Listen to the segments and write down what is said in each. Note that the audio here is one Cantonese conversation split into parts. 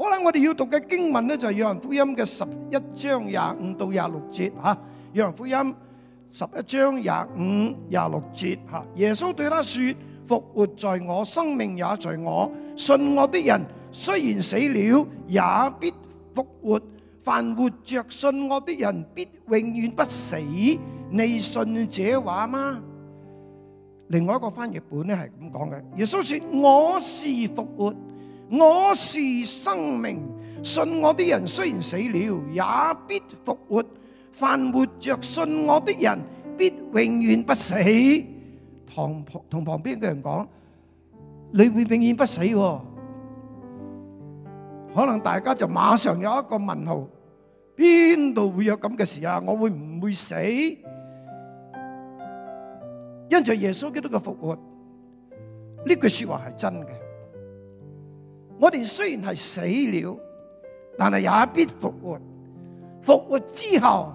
好啦，我哋要讀嘅經文咧就係《約翰福音》嘅十一章廿五到廿六節，吓，《約翰福音》十一章廿五廿六節，吓，耶穌對他說：復活在我，生命也在我，信我的人雖然死了，也必復活；凡活着信我的人，必永遠不死。你信這話嗎？另外一個翻譯本咧係咁講嘅，耶穌說：我是復活。我是生命，信我的人雖然死了，也必復活；凡活着信我的人，必永遠不死。同同旁邊嘅人講，你會永遠不死。可能大家就馬上有一個問號：邊度會有咁嘅事啊？我會唔會死？因着耶穌基督嘅復活，呢句說話係真嘅。我哋雖然係死了，但係也必復活。復活之後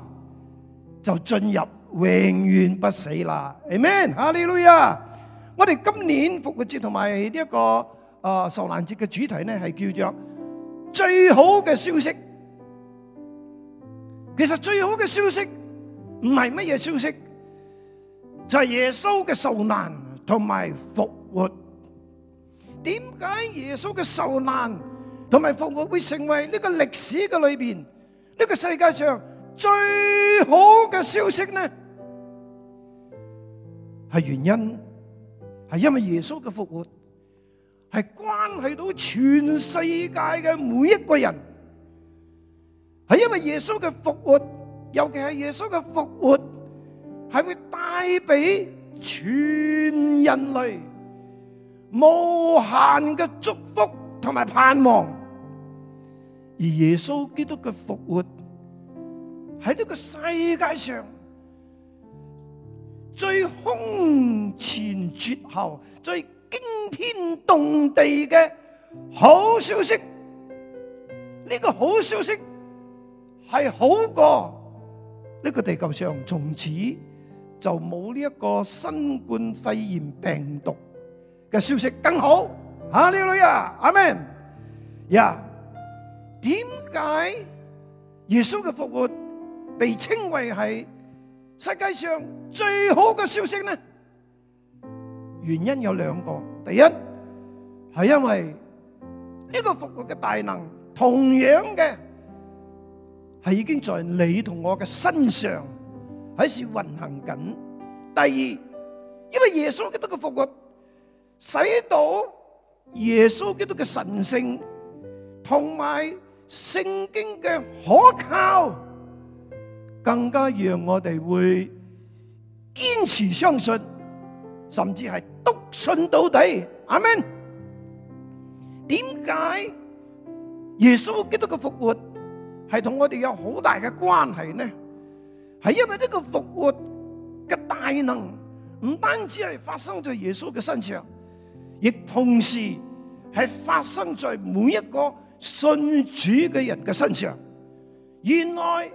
就進入永遠不死啦。Amen，哈利路亞！我哋今年復活節同埋呢一個誒、呃、受難節嘅主題咧，係叫做最好嘅消息。其實最好嘅消息唔係乜嘢消息，就係、是、耶穌嘅受難同埋復活。點解耶穌嘅受難同埋復活會成為呢個歷史嘅裏邊呢個世界上最好嘅消息呢？係原因，係因為耶穌嘅復活係關係到全世界嘅每一個人，係因為耶穌嘅復活，尤其係耶穌嘅復活係會帶俾全人類。無限嘅祝福同埋盼望，而耶穌基督嘅復活喺呢個世界上最空前絕後、最驚天動地嘅好消息。呢個好消息係好過呢個地球上從此就冇呢一個新冠肺炎病毒。嘅消息更好，哈利路亞，阿門。呀，點解耶穌嘅復活被稱為係世界上最好嘅消息呢？原因有兩個，第一係因為呢個復活嘅大能，同樣嘅係已經在你同我嘅身上喺處運行緊。第二，因為耶穌嘅呢個復活。使到耶穌基督嘅神聖同埋聖經嘅可靠，更加讓我哋會堅持相信，甚至係篤信到底。阿門。點解耶穌基督嘅復活係同我哋有好大嘅關係呢？係因為呢個復活嘅大能唔單止係發生在耶穌嘅身上。亦同時係發生在每一個信主嘅人嘅身上。原來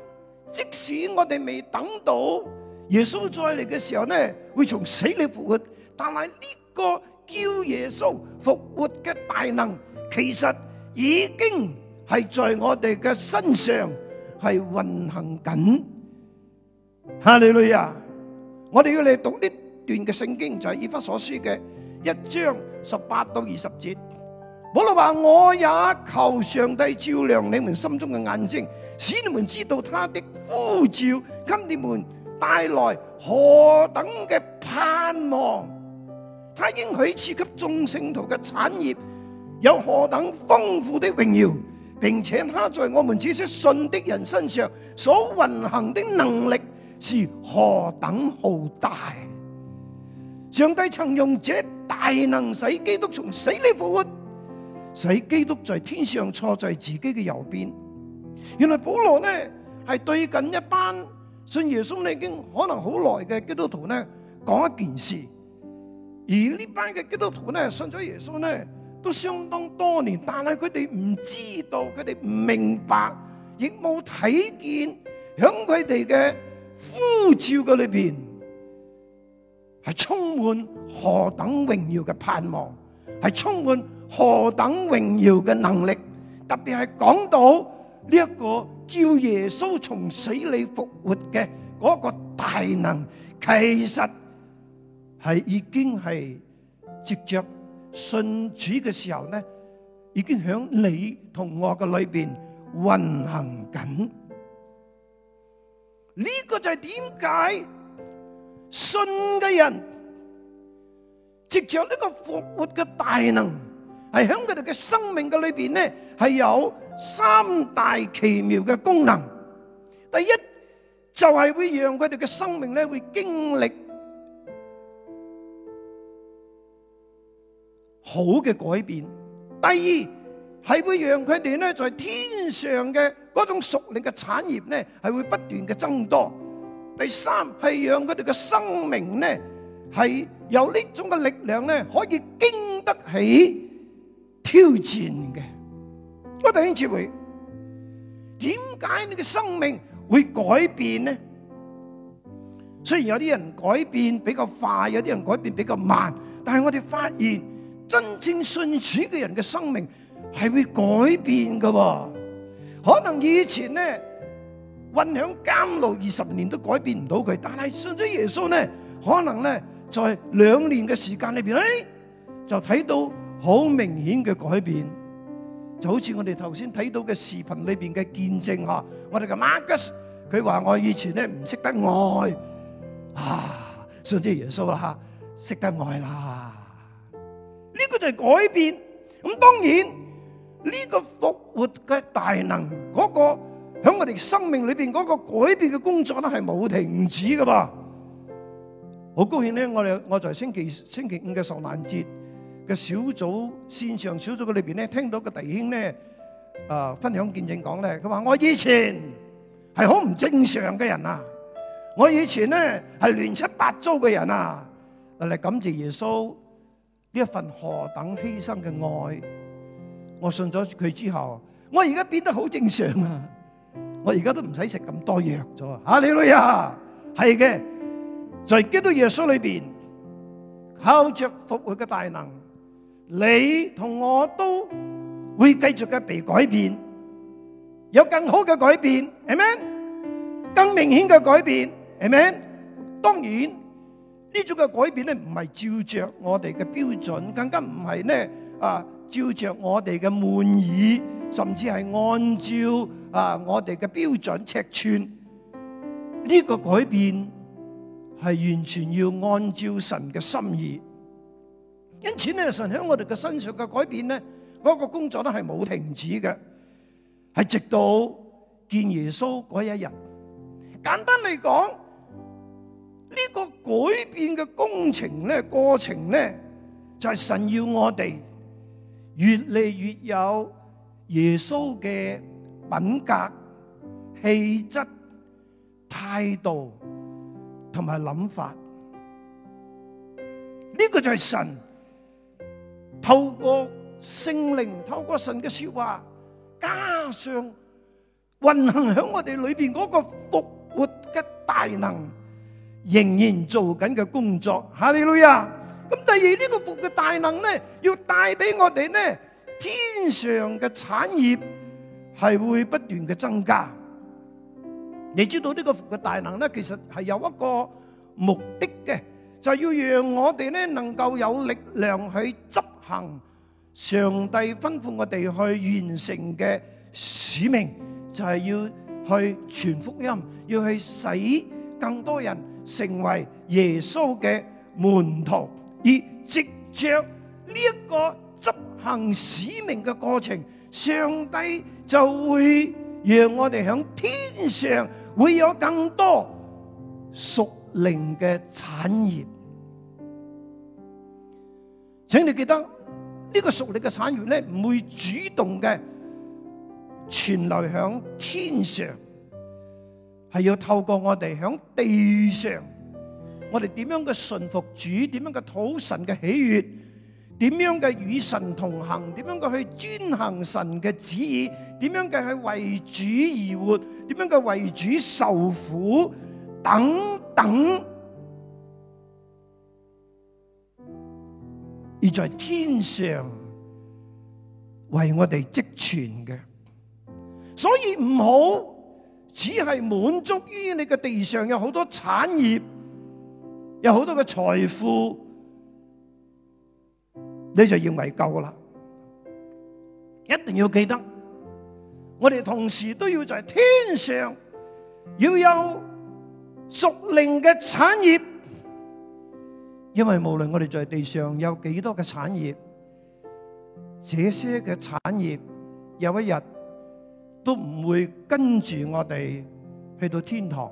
即使我哋未等到耶穌再嚟嘅時候呢，會從死裏復活，但係呢個叫耶穌復活嘅大能，其實已經係在我哋嘅身上係運行緊。哈利路亞！我哋要嚟讀呢段嘅聖經，就係以弗所書嘅一章。十八到二十節，保羅話：我也求上帝照亮你們心中嘅眼睛，使你們知道他的呼召，給你們帶來何等嘅盼望。他應許賜給眾聖徒嘅產業有何等豐富嘅榮耀，並且他在我們這些信的人身上所運行的能力是何等浩大。上帝曾用這。大能使基督從死裏復活，使基督在天上坐在自己嘅右邊。原來保羅呢係對緊一班信耶穌呢已經可能好耐嘅基督徒呢講一件事，而呢班嘅基督徒呢信咗耶穌呢都相當多年，但係佢哋唔知道，佢哋唔明白，亦冇睇見響佢哋嘅呼召嘅裏邊。係充滿何等榮耀嘅盼望，係充滿何等榮耀嘅能力，特別係講到呢一個叫耶穌從死裏復活嘅嗰個大能，其實係已經係藉着信主嘅時候呢，已經響你同我嘅裏邊運行緊。呢個就係點解？信嘅人藉着呢個復活嘅大能，係喺佢哋嘅生命嘅裏邊呢，係有三大奇妙嘅功能。第一就係、是、會讓佢哋嘅生命咧會經歷好嘅改變；第二係會讓佢哋咧在天上嘅嗰種屬靈嘅產業咧係會不斷嘅增多。第三係讓佢哋嘅生命咧，係有呢種嘅力量咧，可以經得起挑戰嘅。我哋一次會，點解你嘅生命會改變呢？雖然有啲人改變比較快，有啲人改變比較慢，但係我哋發現真正信主嘅人嘅生命係會改變噶。可能以前咧。困喺監獄二十年都改變唔到佢，但係信咗耶穌咧，可能咧在兩年嘅時間裏邊，哎就睇到好明顯嘅改變，就好似我哋頭先睇到嘅視頻裏邊嘅見證吓，我哋嘅 Marcus 佢話我以前咧唔識得愛啊，信咗耶穌啦，識得愛啦，呢個就係改變。咁當然呢個復活嘅大能嗰個。喺我哋生命裏邊嗰個改變嘅工作咧，係冇停止噶噃。好高興咧，我哋我在星期星期五嘅受難節嘅小組線上小組嘅裏邊咧，聽到個弟兄咧啊分享見證講咧，佢話我以前係好唔正常嘅人啊，我以前咧係亂七八糟嘅人啊，嚟感謝耶穌呢一份何等犧牲嘅愛，我信咗佢之後，我而家變得好正常啊！我而家都唔使食咁多藥咗啊！你女啊，係嘅，在基督耶穌裏邊，靠着復活嘅大能，你同我都會繼續嘅被改變，有更好嘅改變，係咩？更明顯嘅改變，係咩？當然呢種嘅改變咧，唔係照着我哋嘅標準，更加唔係咧啊照着我哋嘅滿意，甚至係按照。啊！我哋嘅標準尺寸呢個改變係完全要按照神嘅心意，因此咧，神喺我哋嘅身上嘅改變咧，嗰個工作都係冇停止嘅，係直到見耶穌嗰一日。簡單嚟講，呢個改變嘅工程咧，過程咧就係神要我哋越嚟越有耶穌嘅品格、氣質、態度同埋諗法，呢個就係神透過聖靈、透過神嘅説話，加上運行喺我哋裏邊嗰個復活嘅大能，仍然做緊嘅工作。哈利路亞！咁第二呢個復嘅大能咧，要帶俾我哋呢天上嘅產業。係會不斷嘅增加，你知道呢個福嘅大能呢，其實係有一個目的嘅，就係要讓我哋呢能夠有力量去執行上帝吩咐我哋去完成嘅使命，就係要去傳福音，要去使更多人成為耶穌嘅門徒，而藉着呢一個執行使命嘅過程。上帝就會讓我哋響天上會有更多屬靈嘅產業，請你記得呢個屬靈嘅產業咧唔會主動嘅傳嚟響天上，係要透過我哋響地上，我哋點樣嘅順服主，點樣嘅討神嘅喜悅。點樣嘅與神同行？點樣嘅去遵行神嘅旨意？點樣嘅去為主而活？點樣嘅為主受苦？等等，而在天上為我哋積存嘅。所以唔好只係滿足於你嘅地上有好多產業，有好多嘅財富。你就認為夠啦！一定要記得，我哋同時都要在天上要有屬靈嘅產業，因為無論我哋在地上有幾多嘅產業，這些嘅產業有一日都唔會跟住我哋去到天堂，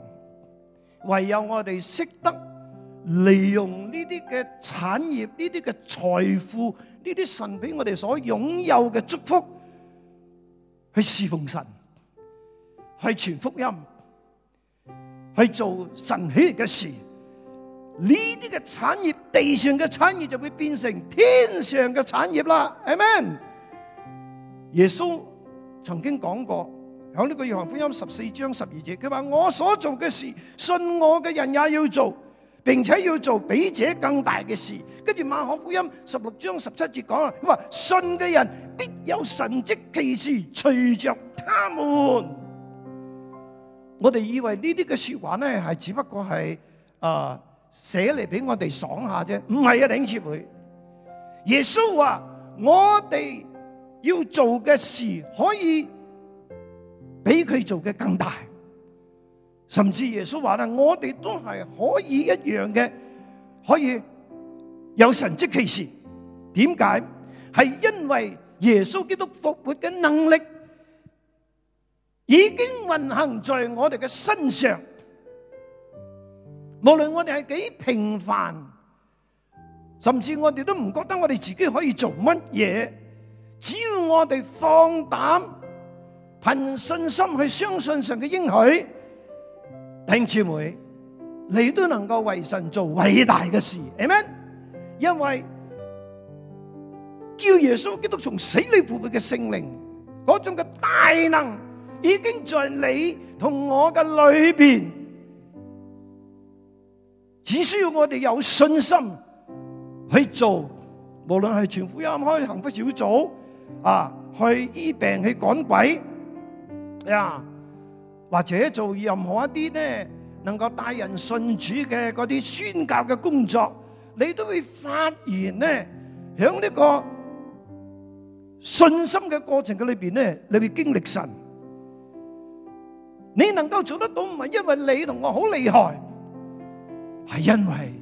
唯有我哋識得。利用呢啲嘅產業、呢啲嘅財富、呢啲神俾我哋所擁有嘅祝福，去侍奉神，去傳福音，去做神喜悅嘅事。呢啲嘅產業，地上嘅產業就會變成天上嘅產業啦。阿門。耶穌曾經講過，喺呢個約翰福音十四章十二節，佢話：我所做嘅事，信我嘅人也要做。並且要做比這更大嘅事。跟住，馬可福音十六章十七節講啦，佢話，信嘅人必有神蹟奇事隨着他們。我哋以為呢啲嘅說話咧，係只不過係、呃、啊寫嚟俾我哋爽下啫，唔係一定撤佢。耶穌話我哋要做嘅事可以比佢做嘅更大。甚至耶穌話啦：我哋都係可以一樣嘅，可以有神蹟奇事。點解？係因為耶穌基督復活嘅能力已經運行在我哋嘅身上。無論我哋係幾平凡，甚至我哋都唔覺得我哋自己可以做乜嘢。只要我哋放膽憑信心去相信神嘅應許。弟兄姊妹，你都能夠為神做偉大嘅事，係咪？因為叫耶穌基督從死裏復活嘅聖靈，嗰種嘅大能已經在你同我嘅裏邊，只需要我哋有信心去做，無論係傳福音、開幸福小組啊，去醫病、去趕鬼呀。或者做任何一啲咧，能夠帶人信主嘅嗰啲宣教嘅工作，你都會發現咧，響呢個信心嘅過程嘅裏邊咧，你會經歷神。你能夠做得到唔係因為你同我好厲害，係因為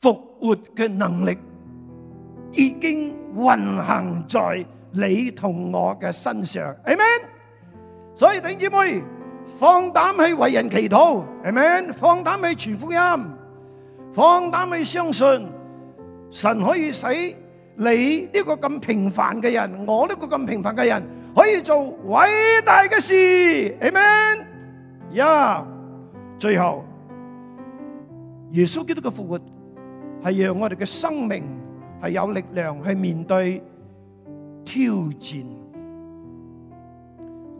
復活嘅能力已經運行在你同我嘅身上。阿門。所以弟兄姊妹，放膽去為人祈禱，Amen？放膽去傳福音，放膽去相信，神可以使你呢個咁平凡嘅人，我呢個咁平凡嘅人，可以做偉大嘅事，Amen？呀，最後耶穌基督嘅復活，係讓我哋嘅生命係有力量去面對挑戰。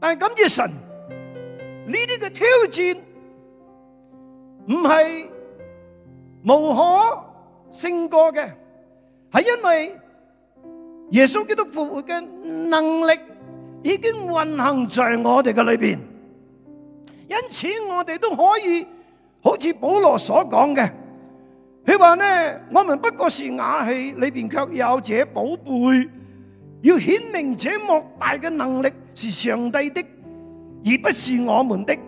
但係感謝神，呢啲嘅挑戰唔係無可勝過嘅，係因為耶穌基督復活嘅能力已經運行在我哋嘅裏邊，因此我哋都可以好似保羅所講嘅，佢話呢，我們不過是瓦器，裏邊卻有這寶貝，要顯明這莫大嘅能力。是上帝的，而不是我們的。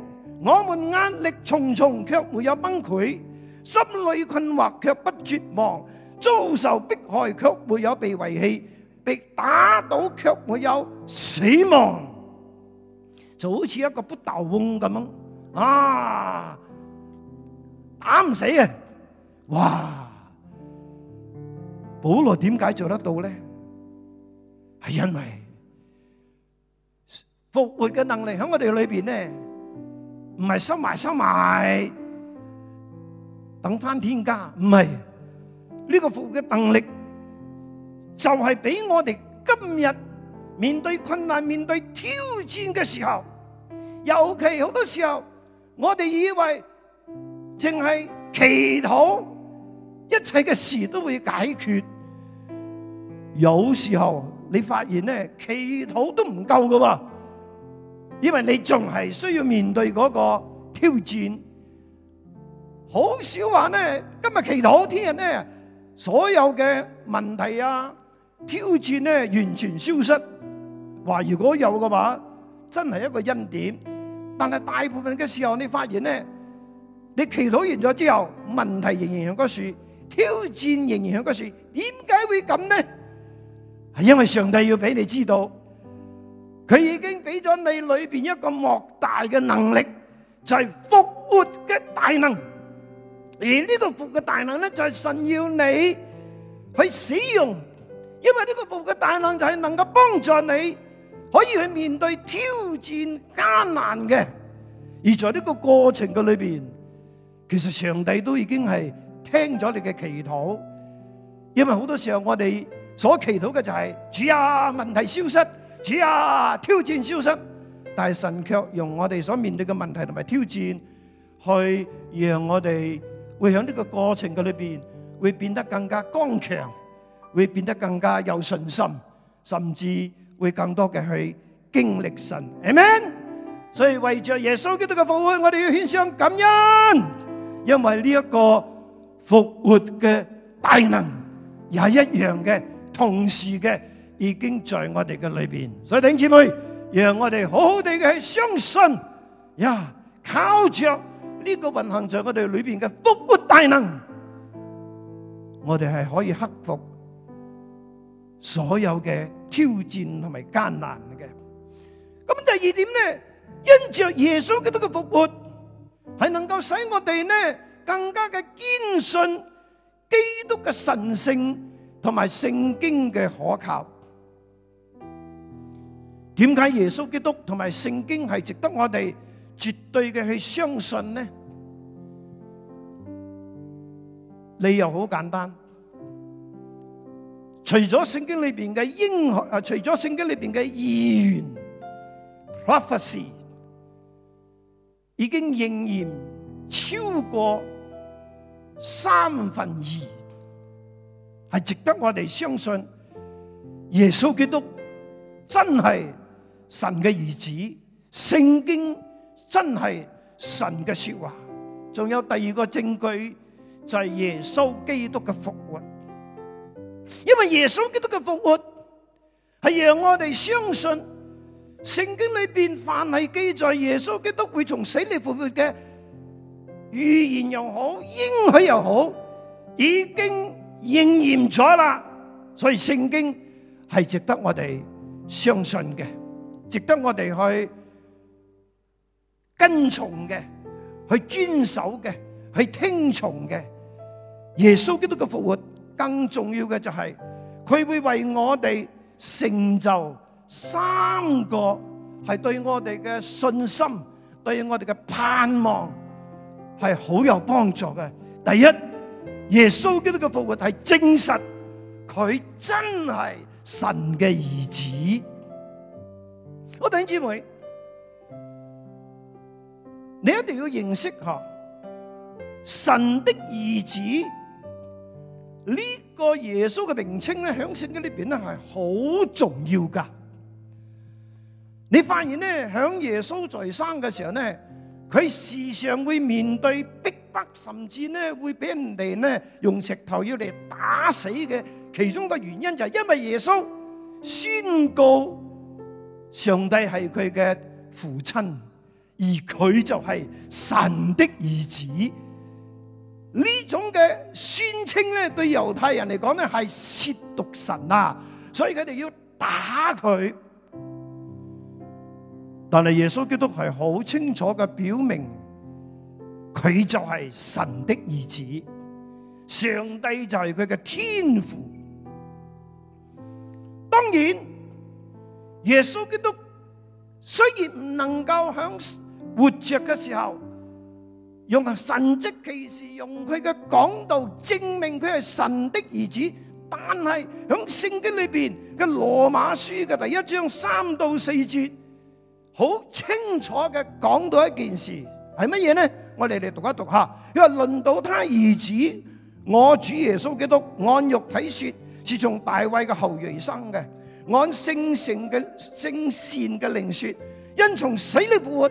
我們壓力重重，卻沒有崩潰；心裏困惑，卻不絕望；遭受迫害，卻沒有被遺棄；被打倒，卻沒有死亡。就好似一個不倒翁咁樣，啊，打唔死嘅。哇！保羅點解做得到呢？係因為。復活嘅能力喺我哋裏邊呢，唔係收埋收埋，等翻天家，唔係呢個復活嘅能力，就係俾我哋今日面對困難、面對挑戰嘅時候，尤其好多時候我哋以為淨係祈禱，一切嘅事都會解決，有時候你發現呢，祈禱都唔夠㗎喎。因為你仲係需要面對嗰個挑戰，好少話咧。今日祈禱聽日咧，所有嘅問題啊、挑戰咧，完全消失。話如果有嘅話，真係一個恩典。但係大部分嘅時候，你發現咧，你祈禱完咗之後，問題仍然喺嗰樹，挑戰仍然喺嗰樹。點解會咁呢？係因為上帝要俾你知道。佢已經俾咗你裏邊一個莫大嘅能力，就係復活嘅大能。而呢個復活嘅大能咧，就係神要你去使用，因為呢個復嘅大能就係能夠幫助你可以去面對挑戰、艱難嘅。而在呢個過程嘅裏邊，其實上帝都已經係聽咗你嘅祈禱，因為好多時候我哋所祈禱嘅就係主啊，問題消失。是啊，挑戰消失，但係神卻用我哋所面對嘅問題同埋挑戰，去讓我哋會喺呢個過程嘅裏邊，會變得更加剛強，會變得更加有信心，甚至會更多嘅去經歷神，Amen？所以為着耶穌基督嘅復活，我哋要獻上感恩，因為呢一個復活嘅大能也一樣嘅，同時嘅。已經在我哋嘅裏邊，所以兄姊妹，讓我哋好好地嘅相信呀，靠着呢個運行在我哋裏邊嘅復活大能，我哋係可以克服所有嘅挑戰同埋艱難嘅。咁第二點咧，因着耶穌基督嘅復活，係能夠使我哋咧更加嘅堅信基督嘅神聖同埋聖經嘅可靠。點解耶穌基督同埋聖經係值得我哋絕對嘅去相信呢？理由好簡單，除咗聖經裏邊嘅英，誒除咗聖經裏邊嘅預言，prophecy 已經仍然超過三分二，係值得我哋相信耶穌基督真係。神嘅兒子，聖經真係神嘅說話。仲有第二個證據就係耶穌基督嘅復活，因為耶穌基督嘅復活係讓我哋相信聖經裏邊凡係記載耶穌基督會從死裏復活嘅預言又好，應許又好，已經應驗咗啦。所以聖經係值得我哋相信嘅。值得我哋去跟從嘅，去遵守嘅，去聽從嘅。耶穌基督嘅復活，更重要嘅就係佢會為我哋成就三個係對我哋嘅信心，對我哋嘅盼望係好有幫助嘅。第一，耶穌基督嘅復活係證實佢真係神嘅兒子。弟兄姊妹，你一定要認識下神的兒子呢個耶穌嘅名稱咧，響聖經呢邊咧係好重要噶。你發現咧，響耶穌在生嘅時候咧，佢時常會面對逼迫，迫，甚至咧會俾人哋咧用石頭要嚟打死嘅。其中嘅原因就係因為耶穌宣告。上帝係佢嘅父親，而佢就係神的兒子。呢種嘅宣稱咧，對猶太人嚟講咧係褻瀆神啊！所以佢哋要打佢。但係耶穌基督係好清楚嘅表明，佢就係神的兒子，上帝就係佢嘅天父。當然。耶穌基督雖然唔能夠響活着嘅時候用神蹟奇事，用佢嘅講道證明佢係神的兒子，但係響聖經裏邊嘅羅馬書嘅第一章三到四節，好清楚嘅講到一件事係乜嘢呢？我哋嚟讀一讀下。佢話輪到他兒子，我主耶穌基督按肉體說，是從大衛嘅後裔生嘅。按聖聖嘅聖善嘅靈說，因從死裏復活，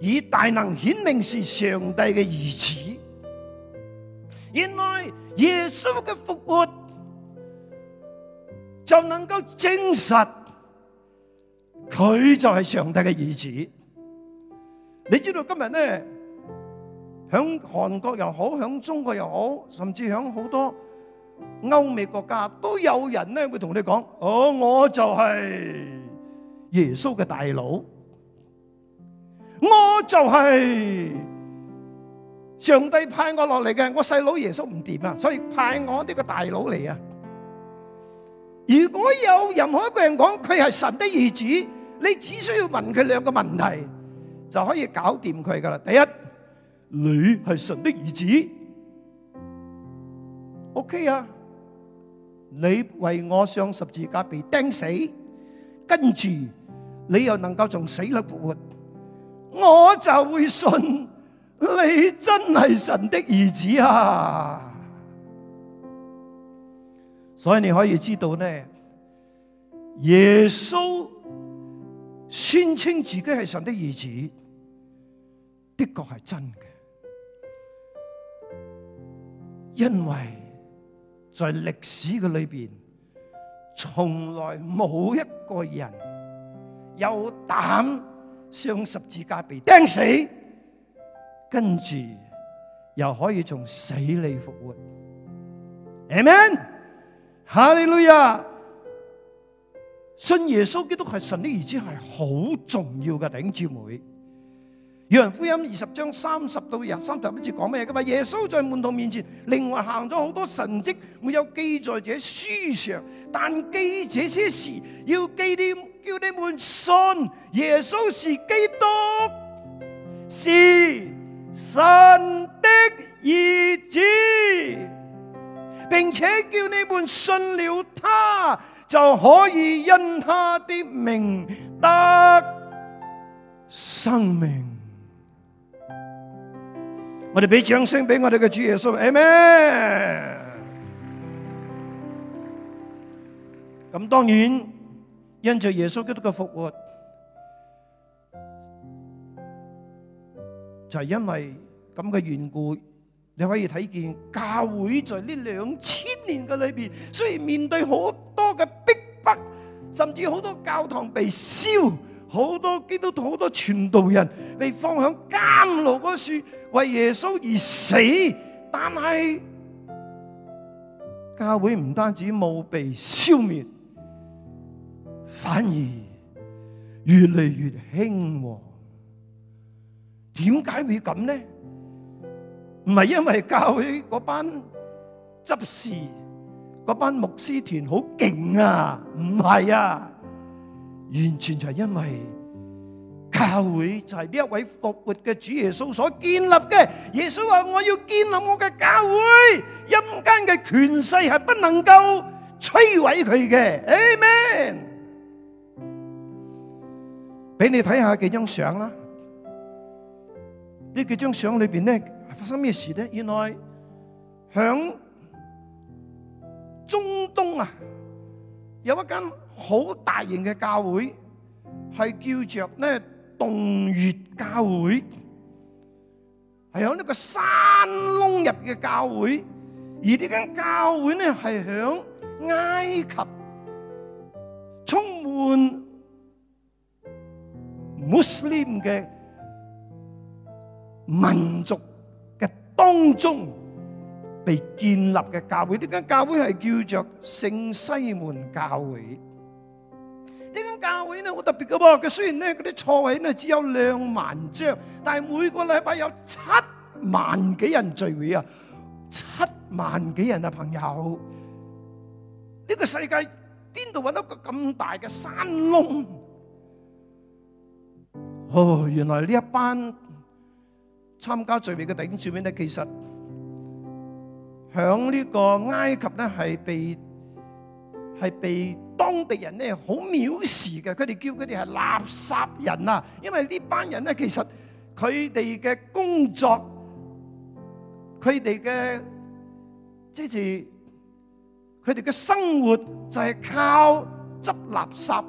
以大能顯明是上帝嘅兒子。原來耶穌嘅復活就能夠證實，佢就係上帝嘅兒子。你知道今日呢，響韓國又好，響中國又好，甚至響好多。歐美國家都有人呢會同你講，哦，我就係耶穌嘅大佬，我就係上帝派我落嚟嘅，我細佬耶穌唔掂啊，所以派我呢個大佬嚟啊。如果有任何一個人講佢係神的兒子，你只需要問佢兩個問題就可以搞掂佢噶啦。第一，你係神的兒子。OK 啊！你為我上十字架被釘死，跟住你又能夠從死裏復活，我就會信你真係神的兒子啊！所以你可以知道呢，耶穌宣稱自己係神的兒子，的確係真嘅，因為。在歷史嘅裏邊，從來冇一個人有膽上十字架被釘死，跟住又可以從死裏復活。Amen，哈利路亞！信耶穌基督係神的兒子，係好重要嘅頂住妹。楊福音二十章 23, 三十到十三頭開始講咩嘅嘛？耶穌在門徒面前另外行咗好多神蹟，沒有記在這書上。但記這些事，要記念叫你們信耶穌是基督，是神的兒子，並且叫你們信了他，就可以因他的名得生命。我哋俾掌聲俾我哋嘅主耶穌，阿們。咁當然，因着耶穌基督嘅復活，就係因為咁嘅緣故，你可以睇見教會在呢兩千年嘅裏邊，雖然面對好多嘅逼迫，甚至好多教堂被燒。好多基督徒好多傳道人被放喺監牢嗰時為耶穌而死，但係教會唔單止冇被消滅，反而越嚟越興旺。點解會咁呢？唔係因為教會嗰班執事嗰班牧師團好勁啊，唔係啊。完全就係因為教會就係呢一位復活嘅主耶穌所建立嘅。耶穌話：我要建立我嘅教會，陰間嘅權勢係不能夠摧毀佢嘅。阿們，俾你睇下幾張相啦。呢幾張相裏邊咧，發生咩事咧？原來響中東啊，有一間。好大型嘅教會係叫做咧洞穴教會，係響呢個山窿入嘅教會，而呢間教會咧係響埃及充滿 Muslim 嘅民族嘅當中被建立嘅教會。呢間教會係叫做聖西門教會。呢間教會咧好特別嘅。佢雖然咧嗰啲座位咧只有兩萬張，但係每個禮拜有七萬幾人聚會啊！七萬幾人啊，朋友！呢個世界邊度揾到個咁大嘅山窿？哦，原來呢一班參加聚會嘅頂住邊咧，其實響呢個埃及咧係被係被。當地人咧好藐視嘅，佢哋叫佢哋係垃圾人啊！因為這呢班人咧，其實佢哋嘅工作、佢哋嘅之住、佢哋嘅生活就係靠執垃圾、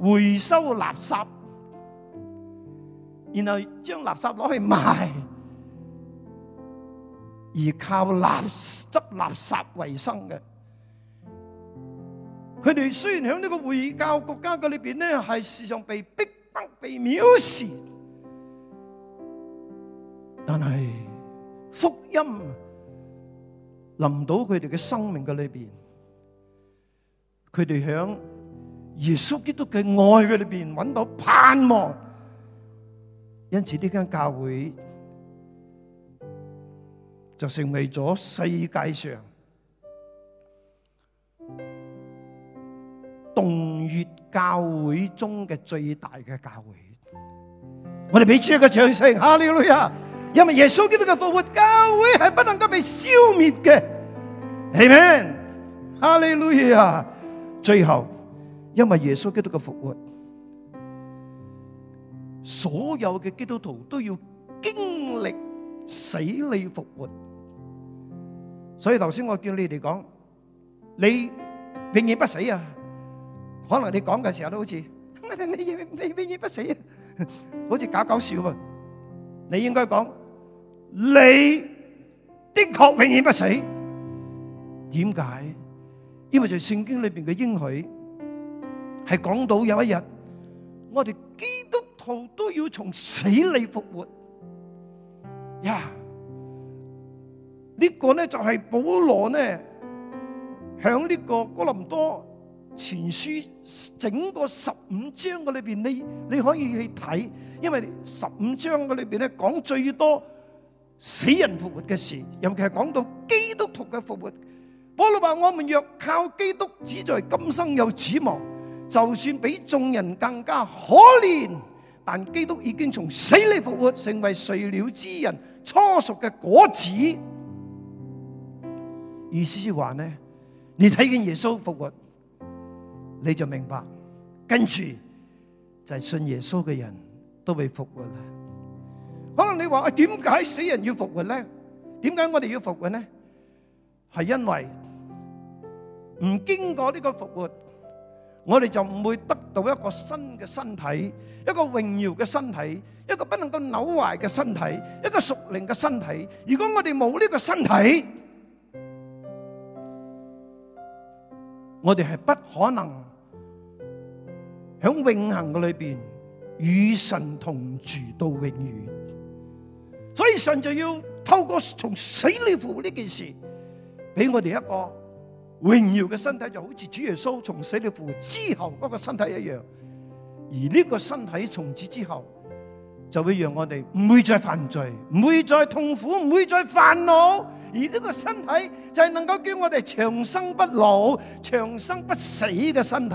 回收垃圾，然後將垃圾攞去賣，而靠垃執垃圾為生嘅。佢哋雖然喺呢個回教國家嘅裏邊咧，係時常被逼迫、被藐視，但係福音臨到佢哋嘅生命嘅裏邊，佢哋喺耶穌基督嘅愛嘅裏邊搵到盼望，因此呢間教會就成為咗世界上洞月教會中嘅最大嘅教會，我哋俾出一個掌聲，哈利路亞！因為耶穌基督嘅復活教會係不能夠被消滅嘅，係咪？哈利路亞！最後，因為耶穌基督嘅復活，所有嘅基督徒都要經歷死裏復活，所以頭先我叫你哋講，你永遠不死啊！可能你講嘅時候都好似你永你永遠不死啊，好似搞搞笑啊！你應該講，你的確永遠不死。點解？因為在聖經裏邊嘅應許係講到有一日，我哋基督徒都要從死裏復活。呀！呢個呢就係保羅呢響呢個哥林多前書整個十五章嘅裏邊，你你可以去睇，因為十五章嘅裏邊咧講最多死人復活嘅事，尤其係講到基督徒嘅復活。保羅話，我們若靠基督，只在今生有指望，就算比眾人更加可憐，但基督已經從死裏復活，成為睡了之人初熟嘅果子。意思話呢，你睇見耶穌復活。你就明白，跟住就係信耶穌嘅人都被復活啦。可能你話啊，點解死人要復活咧？點解我哋要復活呢？係因為唔經過呢個復活，我哋就唔會得到一個新嘅身體，一個榮耀嘅身體，一個不能夠扭壞嘅身體，一個屬靈嘅身體。如果我哋冇呢個身體，我哋係不可能。喺永恆嘅裏邊與神同住到永遠，所以神就要透過從死裏復活呢件事，俾我哋一個榮耀嘅身體，就好似主耶穌從死裏復活之後嗰個身體一樣。而呢個身體從此之後就會讓我哋唔會再犯罪，唔會再痛苦，唔會再煩惱。而呢個身體就係能夠叫我哋長生不老、長生不死嘅身體。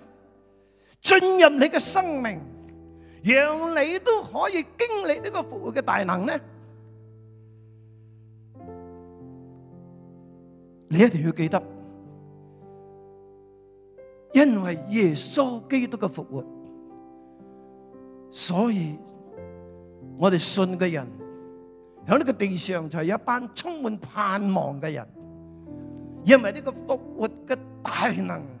進入你嘅生命，讓你都可以經歷呢個復活嘅大能呢？你一定要記得，因為耶穌基督嘅復活，所以我哋信嘅人響呢個地上就係一班充滿盼望嘅人，因為呢個復活嘅大能。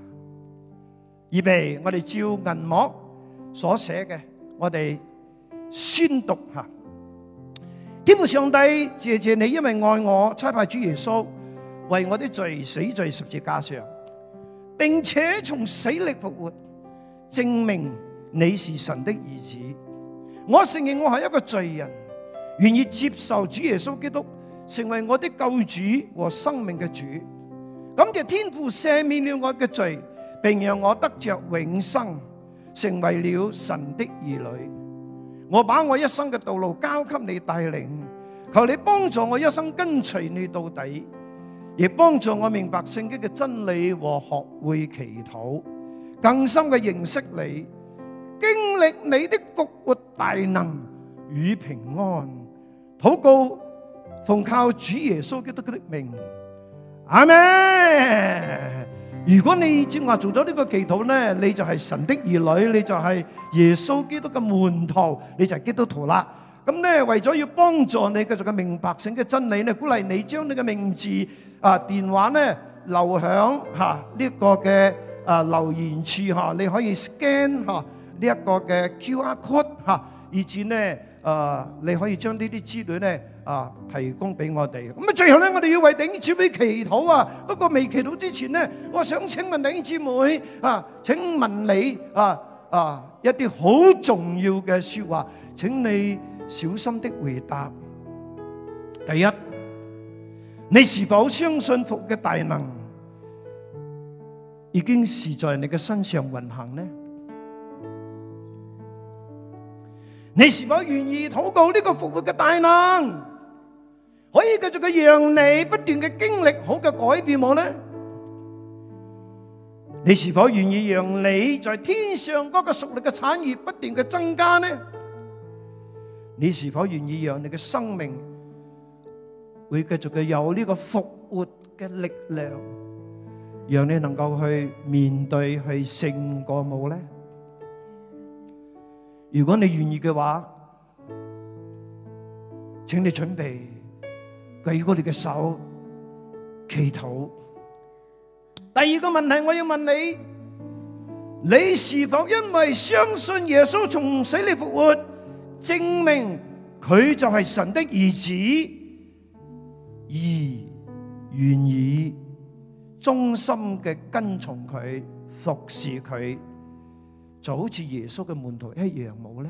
而被我哋照銀幕所寫嘅，我哋宣讀吓。天父上帝，謝謝你，因為愛我，差派主耶穌為我的罪死在十字架上，並且從死裏復活，證明你是神的兒子。我承認我係一個罪人，願意接受主耶穌基督成為我的救主和生命嘅主。咁就天父赦免了我嘅罪。並讓我得着永生，成為了神的兒女。我把我一生嘅道路交給你帶領，求你幫助我一生跟隨你到底，亦幫助我明白聖經嘅真理和學會祈禱，更深嘅認識你，經歷你的復活大能與平安。禱告奉靠主耶穌基督嘅名，阿門。如果你正話做咗呢個祈禱咧，你就係神的兒女，你就係耶穌基督嘅門徒，你就係基督徒啦。咁咧為咗要幫助你繼續嘅明白聖經真理咧，鼓勵你將你嘅名字啊電話咧留響吓呢一個嘅啊留言處吓、啊，你可以 scan 吓呢一個嘅 QR code 吓、啊，以至咧、啊、你可以將呢啲資料咧。啊！提供俾我哋。咁啊，最後咧，我哋要為弟兄姊妹祈禱啊。不過未祈禱之前咧，我想請問弟兄姊妹啊，請問你啊啊一啲好重要嘅說話，請你小心啲回答。第一，你是否相信服嘅大能已經是在你嘅身上運行呢？你是否願意禱告呢個復活嘅大能？可以繼續嘅讓你不斷嘅經歷，好嘅改變我呢？你是否願意讓你在天上嗰個屬靈嘅產業不斷嘅增加呢？你是否願意讓你嘅生命會繼續嘅有呢個復活嘅力量，讓你能夠去面對去勝過我呢？如果你願意嘅話，請你準備。舉過你嘅手祈禱。第二個問題我要問你：你是否因為相信耶穌從死裏復活，證明佢就係神的兒子，而願意忠心嘅跟從佢，服侍佢，就好似耶穌嘅門徒一樣冇呢？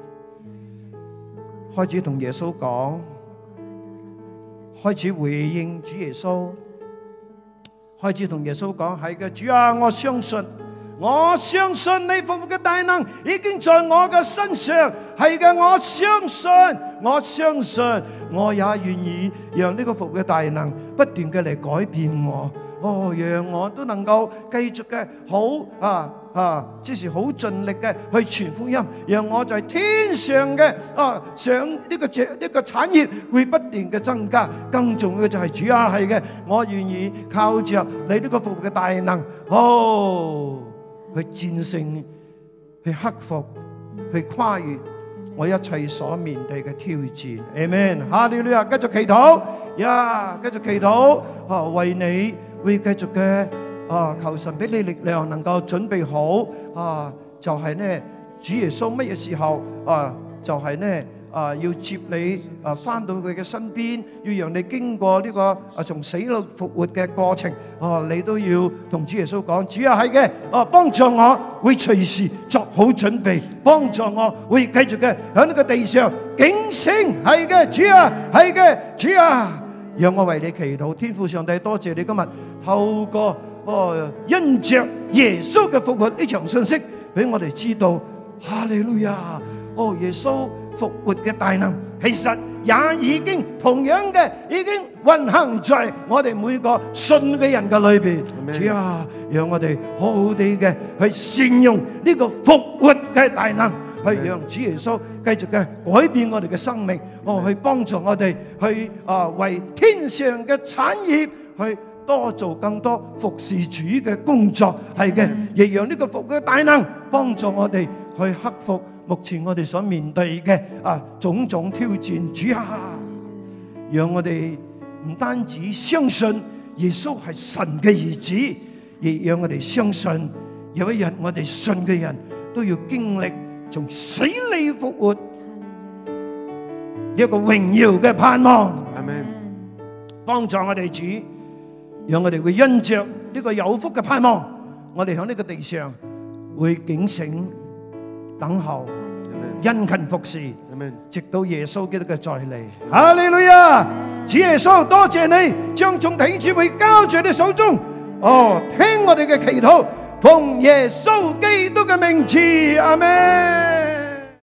開始同耶穌講，開始回應主耶穌，開始同耶穌講，係嘅，主啊，我相信，我相信你服務嘅大能已經在我嘅身上，係嘅，我相信，我相信，我也願意讓呢個服務嘅大能不斷嘅嚟改變我，哦，讓我都能夠繼續嘅好啊！啊！即是好盡力嘅去傳福音，讓我在天上嘅啊上呢個這呢個產業會不斷嘅增加。更重要嘅就係主啊係嘅，我願意靠着你呢個服務嘅大能，哦，去戰勝、去克服、去跨越我一切所面對嘅挑戰。Amen，下你你啊，繼續祈禱，呀，繼續祈禱，啊，為你會繼續嘅。啊！求神俾你力量，能夠準備好啊！就係呢主耶穌乜嘢時候啊？就係呢啊要接你啊翻到佢嘅身邊，要讓你經過呢個啊從死到復活嘅過程啊！你都要同主耶穌講，主啊係嘅啊，幫助我會隨時作好準備，幫助我會繼續嘅響呢個地上警醒係嘅，主啊係嘅，主啊，讓我為你祈禱。天父上帝，多謝你今日透過。哦，因着耶穌嘅復活呢場信息俾我哋知道，哈利路亞！哦，耶穌復活嘅大能，其實也已經同樣嘅，已經運行在我哋每個信嘅人嘅裏邊。主啊，讓我哋好好地嘅去善用呢個復活嘅大能，去讓主耶穌繼續嘅改變我哋嘅生命，哦，去幫助我哋去啊，為天上嘅產業去。多做更多服侍主嘅工作，係嘅，亦讓呢個服嘅大能幫助我哋去克服目前我哋所面對嘅啊種種挑戰。主啊，讓我哋唔單止相信耶穌係神嘅兒子，亦讓我哋相信有一日我哋信嘅人都要經歷從死裏復活，一個榮耀嘅盼望。阿們，幫助我哋主。讓我哋會因着呢個有福嘅盼望，我哋喺呢個地上會警醒、等候、殷勤服侍，直到耶穌基督嘅再嚟。哈利路亞！主耶穌，多謝你將眾弟兄會交在你手中。哦，聽我哋嘅祈禱，奉耶穌基督嘅名字，阿門。